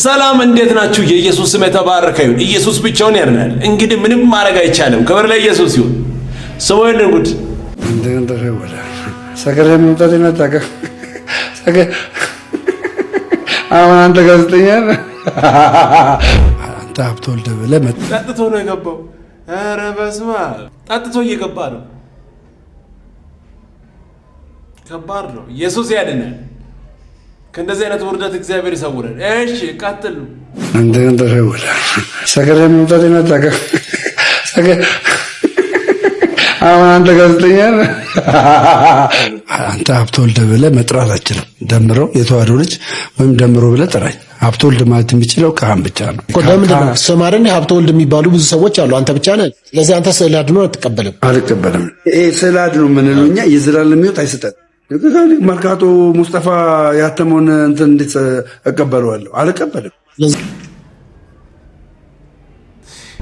ሰላም እንዴት ናችሁ? የኢየሱስ ስም የተባረከ ይሁን። ኢየሱስ ብቻውን ያድናል። እንግዲህ ምንም ማድረግ አይቻልም። ክብር ለኢየሱስ ይሁን። ስሙ ይንጉድ ሰገሬ መምጣት ይመጣቀ አሁን አንተ ጋዜጠኛ አንተ ሀብቶ ወልደ ብለህ ጠጥቶ ነው የገባው። ኧረ በስመ አብ ጠጥቶ እየገባ ነው። ከባድ ነው። ኢየሱስ ያድናል። ከእንደዚህ አይነት ውርደት እግዚአብሔር ይሰውረን። እሺ ቀጥል። እንደን ተሰውረ ሰገር የሚምጣት ይመጣቀ አሁን አንተ ጋዜጠኛ አንተ ወልደ ብለህ መጥራት አችልም። ደምረው የተዋህዶ ልጅ ወይም ደምሮ ብለ ጥራኝ። ወልድ ማለት የሚችለው ከሀን ብቻ ነው። ለምንድን ነው ስም አይደል? ሀብተወልድ የሚባሉ ብዙ ሰዎች አሉ። አንተ ብቻ ነህ። ስለዚህ አንተ ስዕል አድኖ አትቀበልም። አልቀበልም። ይሄ ስዕል አድኖ የምንለው እኛ የዘላለም ሕይወት አይሰጠንም። መርካቶ ሙስጠፋ ያተመውን እንትን እንዴት እቀበለዋለሁ? አልቀበልም።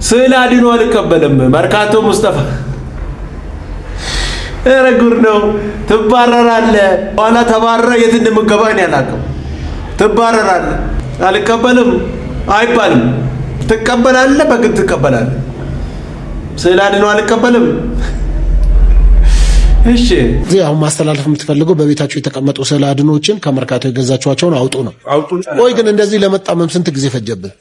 ስዕል አድኖ አልቀበልም። መርካቶ ሙስጠፋ ኧረ ጉድ ነው። ትባረራለህ። ኋላ ተባረረ የት እንደምገባ እኔ አላውቅም። ትባረራለህ። አልቀበልም አይባልም። ትቀበላለህ፣ በግድ ትቀበላለህ። ስዕል አድኖ አልቀበልም እሺ እዚህ አሁን ማስተላለፍ የምትፈልገው በቤታቸው የተቀመጡ ስዕል አድኖችን ከመርካቶ የገዛችኋቸውን አውጡ ነው? ቆይ ግን እንደዚህ ለመጣመም ስንት ጊዜ ፈጀብን?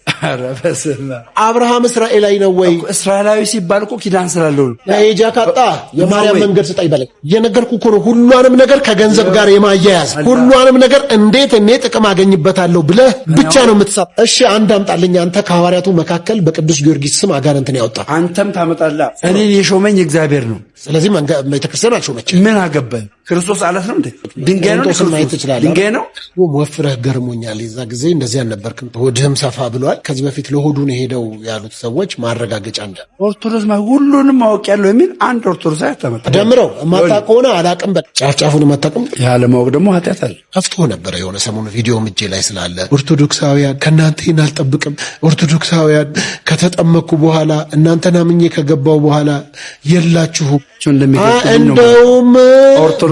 አብርሃም እስራኤላዊ ነው ወይ? እስራኤላዊ ሲባል እኮ ኪዳን ስላለው ለኤጃ ካጣ የማርያም መንገድ ስጣ ይበለኝ። የነገርኩህ እኮ ነው። ሁሏንም ነገር ከገንዘብ ጋር የማያያዝ ሁሏንም ነገር እንዴት እኔ ጥቅም አገኝበታለሁ ብለህ ብቻ ነው የምትሳ። እሺ አንድ አምጣልኝ። አንተ ከሐዋርያቱ መካከል በቅዱስ ጊዮርጊስ ስም አጋንንትን ያወጣ አንተም ታመጣላ። እኔን የሾመኝ እግዚአብሔር ነው። ስለዚህ ቤተክርስቲያን አልሾመች። ምን አገባኝ? ክርስቶስ አለት ነው እንዴ? ድንጋይ ነው ድንጋይ ነው ወፍረህ ገርሞኛል። የዛ ጊዜ እንደዚህ አልነበርክም፣ ሆድህም ሰፋ ብሏል። ከዚህ በፊት ለሆዱን የሄደው ያሉት ሰዎች ማረጋገጫ እንደ ኦርቶዶክስ ሁሉንም ማወቅ ያለው የሚል አንድ ኦርቶዶክስ አያተመጣ ደምረው ማታ ከሆነ አላቅም፣ በጫፍ ማታቅም የማታውቅም። ያለማወቅ ደግሞ ኃጢአት አለ። ከፍቶ ነበረ የሆነ ሰሞኑ ቪዲዮ ምጄ ላይ ስላለ ኦርቶዶክሳውያን ከእናንተ ይህን አልጠብቅም። ኦርቶዶክሳውያን ከተጠመኩ በኋላ እናንተን አምኜ ከገባው በኋላ የላችሁም እንደውም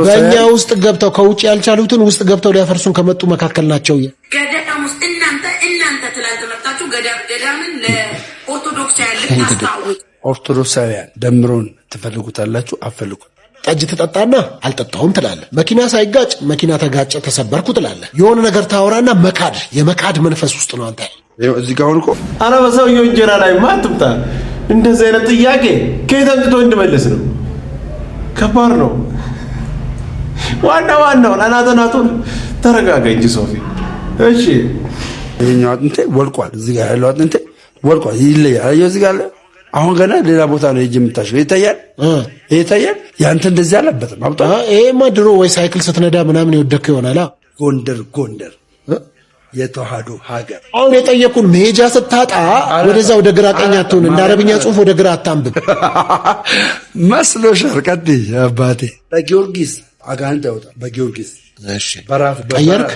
በእኛ ውስጥ ገብተው ከውጭ ያልቻሉትን ውስጥ ገብተው ሊያፈርሱን ከመጡ መካከል ናቸው። ገዳም ውስጥ እናንተ እናንተ ትላንት መጣችሁ። ገዳምን ለኦርቶዶክሳውያን ልታስታውቅ ኦርቶዶክሳውያን ደምሮን ትፈልጉታላችሁ። አፈልጉ ጠጅ ትጠጣና አልጠጣሁም ትላለ። መኪና ሳይጋጭ መኪና ተጋጨ ተሰበርኩ ትላለ። የሆነ ነገር ታወራና መካድ የመካድ መንፈስ ውስጥ ነው አንተ እዚህ ጋር ሆንኮ አረ በሰውየው እንጀራ ላይ ማትምታ እንደዚህ አይነት ጥያቄ ከየት አምጥቶ እንድመለስ ነው ከባድ ነው። ዋና ዋናው አናተናቱን ተረጋጋ እንጂ ሶፊ። እሺ ይሄኛው አጥንቴ ወልቋል፣ እዚህ ጋር ያለው አጥንቴ ወልቋል። ይለያል። እዚህ ጋር አሁን ገና ሌላ ቦታ ነው እጅ የምታሽለው። ይታያል፣ ይታያል። ያንተ እንደዚህ አለበትም አብጣ። ይሄማ ድሮ ወይ ሳይክል ስትነዳ ምናምን የወደቅህ ይሆናል። ጎንደር ጎንደር የተዋህዶ ሀገር አሁን የጠየቁን መሄጃ ስታጣ ወደዛ ወደ ግራ ቀኝ አትሆን፣ እንደ አረብኛ ጽሁፍ ወደ ግራ አታንብብ መስሎሻል። ቀጥይ አባቴ። በጊዮርጊስ አጋንንት ያወጣል። በጊዮርጊስ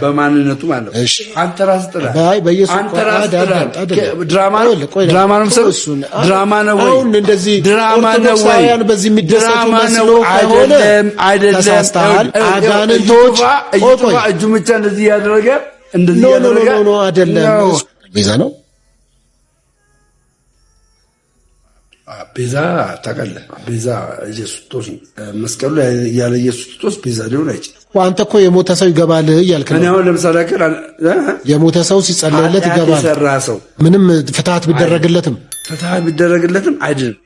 በማንነቱ ማለት ነው እጁ ብቻ እንደዚህ እያደረገ እንደዚህ ያደረገ ነው አይደለም። ቤዛ ነው ቤዛ ታውቃለህ። ቤዛ ኢየሱስ ክርስቶስ መስቀሉ ያለ ኢየሱስ ክርስቶስ ቤዛ ሊሆን አይችልም። አንተ እኮ የሞተ ሰው ይገባል እያልክ ነው። አሁን ለምሳሌ የሞተ ሰው ሲጸለይለት ይገባል። ሰው ምንም ፍትሐት ቢደረግለትም ፍትሐት ቢደረግለትም አይድንም።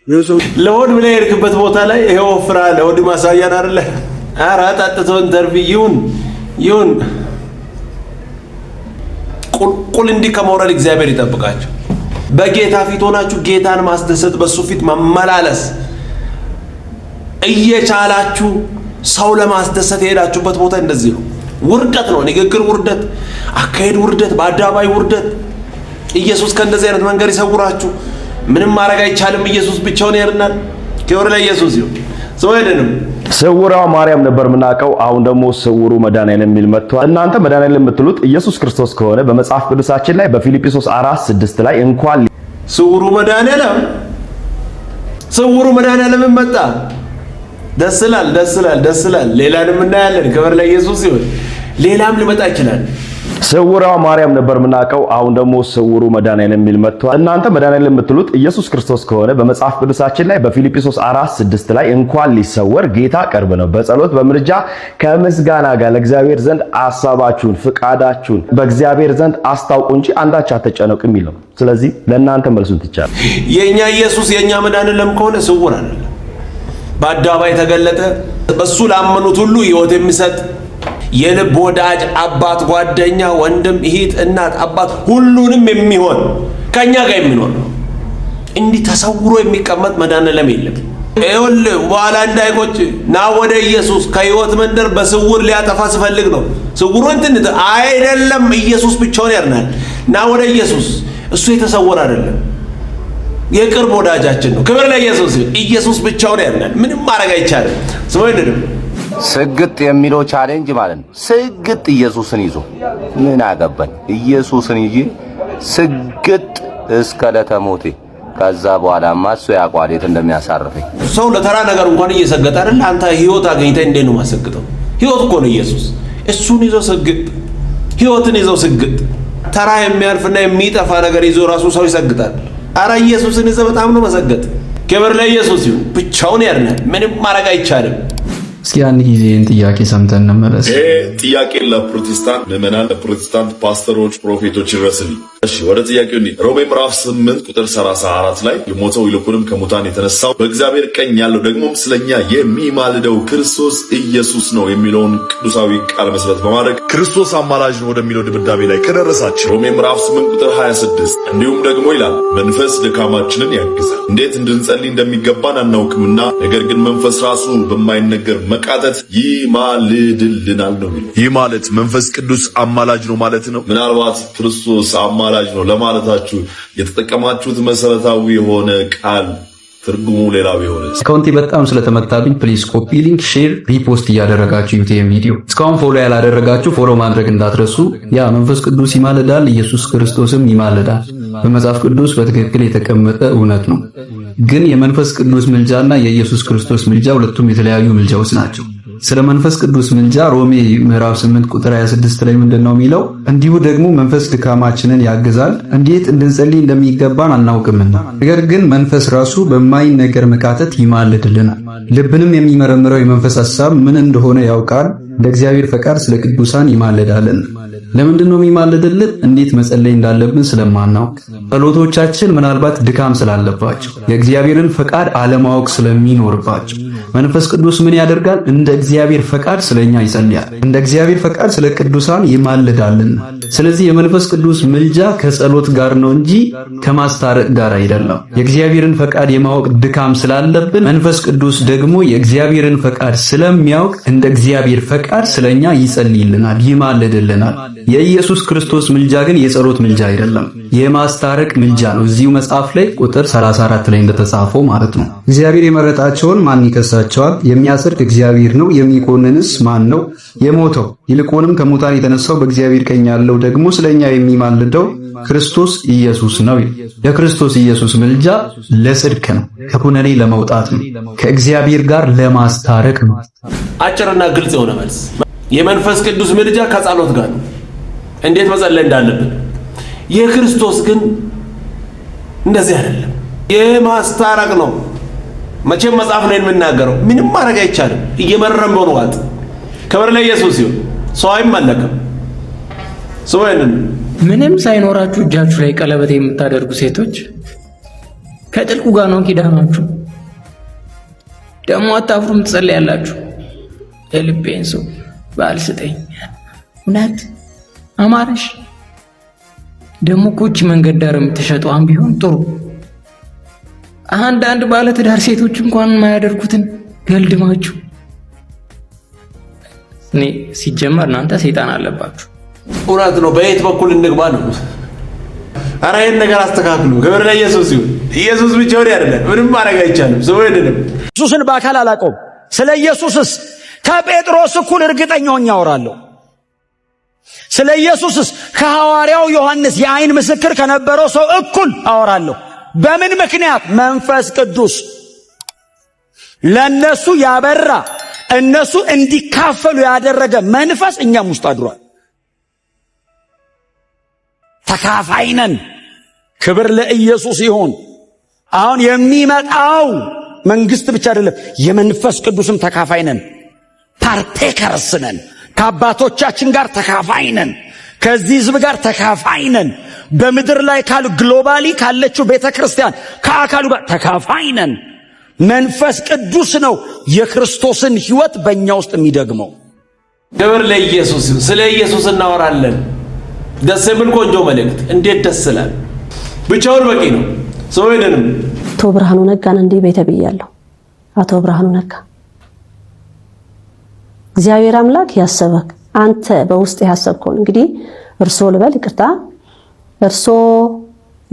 ለሆድ ብለህ የሄድክበት ቦታ ላይ ይኸው ፍራ ለሆድ ማሳያን አለ አራት አጥቶን ተርፍ ይሁን ይሁን ቁልቁል እንዲህ ከመውረድ እግዚአብሔር ይጠብቃቸው። በጌታ ፊት ሆናችሁ ጌታን ማስደሰት፣ በእሱ ፊት መመላለስ እየቻላችሁ ሰው ለማስደሰት የሄዳችሁበት ቦታ እንደዚህ ነው። ውርደት ነው። ንግግር ውርደት፣ አካሄድ ውርደት፣ በአደባባይ ውርደት። ኢየሱስ ከእንደዚህ አይነት መንገድ ይሰውራችሁ። ምንም ማድረግ አይቻልም። ኢየሱስ ብቻውን ያድናል። ክብር ለኢየሱስ ይሁን። ሰው አይደለም። ስውሯ ማርያም ነበር የምናውቀው። አሁን ደግሞ ስውሩ መድኃኒዓለም የሚል መጥቷል። እናንተ መድኃኒዓለም የምትሉት ኢየሱስ ክርስቶስ ከሆነ በመጽሐፍ ቅዱሳችን ላይ በፊልጵስዩስ 4:6 ላይ እንኳን ስውሩ መድኃኒዓለም ስውሩ መድኃኒዓለም መጣ። ደስ ይላል፣ ደስ ይላል፣ ደስ ይላል። ሌላንም እናያለን። ክብር ለኢየሱስ ይሁን። ሌላም ሊመጣ ይችላል። ስውሯ ማርያም ነበር የምናውቀው። አሁን ደግሞ ስውሩ መድኃኒዓለም የሚል መጥቷል። እናንተ መድኃኒዓለም የምትሉት ኢየሱስ ክርስቶስ ከሆነ በመጽሐፍ ቅዱሳችን ላይ 4 4:6 ላይ እንኳን ሊሰወር ጌታ ቅርብ ነው፣ በጸሎት በምልጃ ከምስጋና ጋር ለእግዚአብሔር ዘንድ አሳባችሁን ፍቃዳችሁን በእግዚአብሔር ዘንድ አስታውቁ እንጂ አንዳች አትጨነቁ የሚል ነው። ስለዚህ ለእናንተ መልሱን ትቻለ። የእኛ ኢየሱስ የእኛ መድኃኒዓለም ከሆነ ስውር አይደለም፣ በአደባባይ ተገለጠ። በእሱ ላመኑት ሁሉ ይወት የሚሰጥ የልብ ወዳጅ አባት፣ ጓደኛ፣ ወንድም፣ እህት፣ እናት፣ አባት ሁሉንም የሚሆን ከኛ ጋር የሚኖር ነው። እንዲህ ተሰውሮ የሚቀመጥ መድኃኔዓለም የለም። ይሁል በኋላ እንዳይቆጭ ና ወደ ኢየሱስ። ከሕይወት መንደር በስውር ሊያጠፋ ስፈልግ ነው። ስውሩ እንትን አይደለም። ኢየሱስ ብቻውን ያድናል። ና ወደ ኢየሱስ። እሱ የተሰወረ አይደለም፣ የቅርብ ወዳጃችን ነው። ክብር ለኢየሱስ። ኢየሱስ ብቻውን ያድናል። ምንም ማድረግ አይቻልም። ስሞ ስሙ ስግጥ የሚለው ቻሌንጅ ማለት ነው። ስግጥ ኢየሱስን ይዞ ምን አገባን? ኢየሱስን ይዤ ስግጥ እስከ ለተሞቴ ከዛ በኋላ ማሱ ያቋል የት እንደሚያሳርፈኝ። ሰው ለተራ ነገር እንኳን እየሰገጠ አይደል? አንተ ህይወት አገኝተህ እንዴት ነው የማሰግጠው? ህይወት እኮ ነው ኢየሱስ። እሱን ይዞ ስግጥ፣ ህይወትን ይዞ ስግጥ። ተራ የሚያልፍና የሚጠፋ ነገር ይዞ ራሱ ሰው ይሰግጣል። አረ ኢየሱስን ይዘህ በጣም ነው መሰገጥ። ክብር ለኢየሱስ ይሁን። ብቻውን ያድናል። ምንም ማድረግ አይቻልም። እስኪ ያን ጊዜን ጥያቄ ሰምተን እንመለስ። ይሄ ጥያቄ ለፕሮቴስታንት ምዕመናን፣ ለፕሮቴስታንት ፓስተሮች፣ ፕሮፌቶች ይድረስልኝ። እሺ ወደ ጥያቄው እንሂድ። ሮሜ ምዕራፍ ስምንት ቁጥር አራት ላይ የሞተው ይልቁንም ከሙታን የተነሳው በእግዚአብሔር ቀኝ ያለው ደግሞም ስለኛ የሚማልደው ክርስቶስ ኢየሱስ ነው የሚለውን ቅዱሳዊ ቃል መሰረት በማድረግ ክርስቶስ አማላጅ ነው ወደሚለው ድምዳሜ ላይ ከደረሳችሁ ሮሜ ምዕራፍ ስምንት ቁጥር 26 እንዲሁም ደግሞ ይላል መንፈስ ድካማችንን ያግዛል። እንዴት እንድንጸልይ እንደሚገባን አናውቅምና ነገር ግን መንፈስ ራሱ በማይነገር መቃተት ይማልድልናል ነው የሚለው። ይህ ማለት መንፈስ ቅዱስ አማላጅ ነው ማለት ነው። ምናልባት ክርስቶስ አማላጅ ነው ለማለታችሁ የተጠቀማችሁት መሰረታዊ የሆነ ቃል ትርጉሙ ሌላ ቢሆን አካውንቴ በጣም ስለተመታብኝ ፕሊስ ኮፒ ሊንክ፣ ሼር፣ ሪፖስት እያደረጋችሁ ዩቲዩብ ቪዲዮ እስካሁን ፎሎ ያላደረጋችሁ ፎሎ ማድረግ እንዳትረሱ። ያ መንፈስ ቅዱስ ይማልዳል፣ ኢየሱስ ክርስቶስም ይማልዳል። በመጽሐፍ ቅዱስ በትክክል የተቀመጠ እውነት ነው። ግን የመንፈስ ቅዱስ ምልጃና የኢየሱስ ክርስቶስ ምልጃ ሁለቱም የተለያዩ ምልጃዎች ናቸው። ስለ መንፈስ ቅዱስ ምልጃ ሮሜ ምዕራፍ 8 ቁጥር 26 ላይ ምንድነው የሚለው? እንዲሁ ደግሞ መንፈስ ድካማችንን ያግዛል፣ እንዴት እንድንጸልይ እንደሚገባን አናውቅምና፣ ነገር ግን መንፈስ ራሱ ነገር መካተት ይማልድልናል፣ ልብንም የሚመረምረው የመንፈስ ሐሳብ ምን እንደሆነ ያውቃል፣ እንደ እግዚአብሔር ፈቃድ ስለ ቅዱሳን ይማልዳልን። ለምንድን ነው የሚማልድልን? እንዴት መጸለይ እንዳለብን ስለማናውቅ፣ ጸሎቶቻችን ምናልባት ድካም ስላለባቸው፣ የእግዚአብሔርን ፈቃድ አለማወቅ ስለሚኖርባቸው መንፈስ ቅዱስ ምን ያደርጋል? እንደ እግዚአብሔር ፈቃድ ስለኛ ይጸልያል፣ እንደ እግዚአብሔር ፈቃድ ስለ ቅዱሳን ይማልዳልና። ስለዚህ የመንፈስ ቅዱስ ምልጃ ከጸሎት ጋር ነው እንጂ ከማስታረቅ ጋር አይደለም። የእግዚአብሔርን ፈቃድ የማወቅ ድካም ስላለብን መንፈስ ቅዱስ ደግሞ የእግዚአብሔርን ፈቃድ ስለሚያውቅ እንደ እግዚአብሔር ፈቃድ ስለኛ ይጸልይልናል፣ ይማልድልናል። የኢየሱስ ክርስቶስ ምልጃ ግን የጸሎት ምልጃ አይደለም፣ የማስታረቅ ምልጃ ነው። እዚሁ መጽሐፍ ላይ ቁጥር 34 ላይ እንደተጻፈው ማለት ነው። እግዚአብሔር የመረጣቸውን ማን ይከሳል? ይላቸዋል። የሚያጸድቅ እግዚአብሔር ነው፣ የሚኮንንስ ማን ነው? የሞተው ይልቁንም ከሙታን የተነሳው በእግዚአብሔር ቀኝ ያለው ደግሞ ስለኛ የሚማልደው ክርስቶስ ኢየሱስ ነው። የክርስቶስ ኢየሱስ ምልጃ ለጽድቅ ነው፣ ከኩነኔ ለመውጣት ነው፣ ከእግዚአብሔር ጋር ለማስታረቅ ነው። አጭርና ግልጽ የሆነ መልስ። የመንፈስ ቅዱስ ምልጃ ከጸሎት ጋር ነው፣ እንዴት መጸለይ እንዳለብን። የክርስቶስ ግን እንደዚህ አይደለም፣ የማስታረቅ ነው። መቼም መጽሐፍ ነው የምናገረው። ምንም ማድረግ አይቻልም። እየመረም በሆነ ዋጥ ክብር ለኢየሱስ ይሁን። ሰው አይመለክም። ሰው ምንም ሳይኖራችሁ እጃችሁ ላይ ቀለበት የምታደርጉ ሴቶች ከጥልቁ ጋር ነው ኪዳናችሁ። ደግሞ አታፍሩም፣ ትጸልያላችሁ። የልቤን ሰው ባል ስጠኝ፣ እውነት አማረሽ። ደግሞ ኮች መንገድ ዳር የምትሸጠዋን ቢሆን ጥሩ አንዳንድ ባለ ሴቶች እንኳን የማያደርጉትን ገልድማችሁ። እኔ ሲጀመር እናንተ ሰይጣን አለባችሁ። እውነት ነው። በየት በኩል እንግባ ነው? ኧረ ይህን ነገር አስተካክሉ። ክብር ለኢየሱስ ይሁን። ኢየሱስ ሆን ያድናል። ምንም ማድረግ አይቻልም። ሰው ይድንም። ኢየሱስን በአካል አላውቀውም። ስለ ኢየሱስስ ከጴጥሮስ እኩል እርግጠኛ ሆኜ አወራለሁ። ስለ ኢየሱስስ ከሐዋርያው ዮሐንስ የአይን ምስክር ከነበረው ሰው እኩል አወራለሁ። በምን ምክንያት? መንፈስ ቅዱስ ለእነሱ ያበራ እነሱ እንዲካፈሉ ያደረገ መንፈስ እኛም ውስጥ አድሯል። ተካፋይነን። ክብር ለኢየሱስ ይሁን። አሁን የሚመጣው መንግስት ብቻ አይደለም፣ የመንፈስ ቅዱስም ተካፋይነን። ፓርቴከርስነን ከአባቶቻችን ጋር ተካፋይነን። ከዚህ ህዝብ ጋር ተካፋይነን። በምድር ላይ ካሉ ግሎባሊ ካለችው ቤተ ክርስቲያን ከአካሉ ጋር ተካፋይ ነን። መንፈስ ቅዱስ ነው የክርስቶስን ሕይወት በእኛ ውስጥ የሚደግመው። ክብር ለኢየሱስ። ስለ ኢየሱስ እናወራለን። ደስ የሚል ቆንጆ መልእክት እንዴት ደስ ይላል! ብቻውን በቂ ነው። ሰው አይደለም። አቶ ብርሃኑ ነጋን እንዲህ ቤተ ብያለሁ። አቶ ብርሃኑ ነጋ እግዚአብሔር አምላክ ያሰበክ አንተ በውስጥ ያሰብከውን እንግዲህ እርሶ ልበል ይቅርታ እርሶ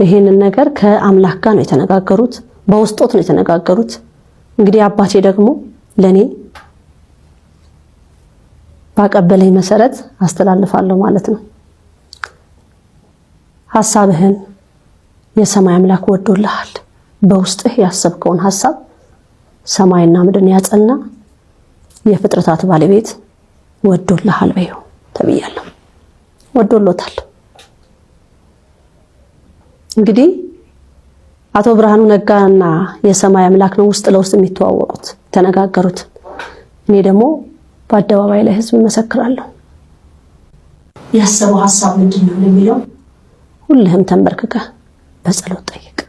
ይህንን ነገር ከአምላክ ጋር ነው የተነጋገሩት፣ በውስጦት ነው የተነጋገሩት። እንግዲህ አባቴ ደግሞ ለእኔ ባቀበለኝ መሰረት አስተላልፋለሁ ማለት ነው። ሀሳብህን የሰማይ አምላክ ወዶልሃል። በውስጥህ ያሰብከውን ሀሳብ ሰማይና ምድርን ያጸና የፍጥረታት ባለቤት ወዶልሃል በይው ተብያለሁ። ወዶሎታል። እንግዲህ አቶ ብርሃኑ ነጋና የሰማይ አምላክ ነው ውስጥ ለውስጥ የሚተዋወቁት ተነጋገሩት። እኔ ደግሞ በአደባባይ ላይ ህዝብ እመሰክራለሁ። ያሰበው ሀሳብ ምንድን ነው የሚለው ሁልህም ተንበርክከህ በጸሎት ጠይቅ።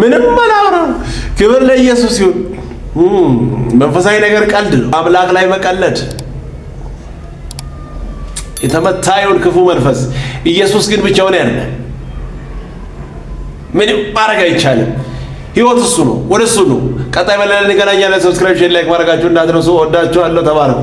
ምንም አላወራም። ክብር ለኢየሱስ ይሁን። መንፈሳዊ ነገር ቀልድ ነው። አምላክ ላይ መቀለድ የተመታየውን ክፉ መንፈስ ኢየሱስ ግን ብቻውን ያለ ምንም ማድረግ አይቻልም። ህይወት እሱ ነው፣ ወደ እሱ ነው። ቀጣይ በሌላ እንገናኛለን። ሰብስክራይብ፣ ሼር፣ ላይክ ማድረጋችሁ እንዳትረሱ። ወዳችኋለሁ። ተባረኩ።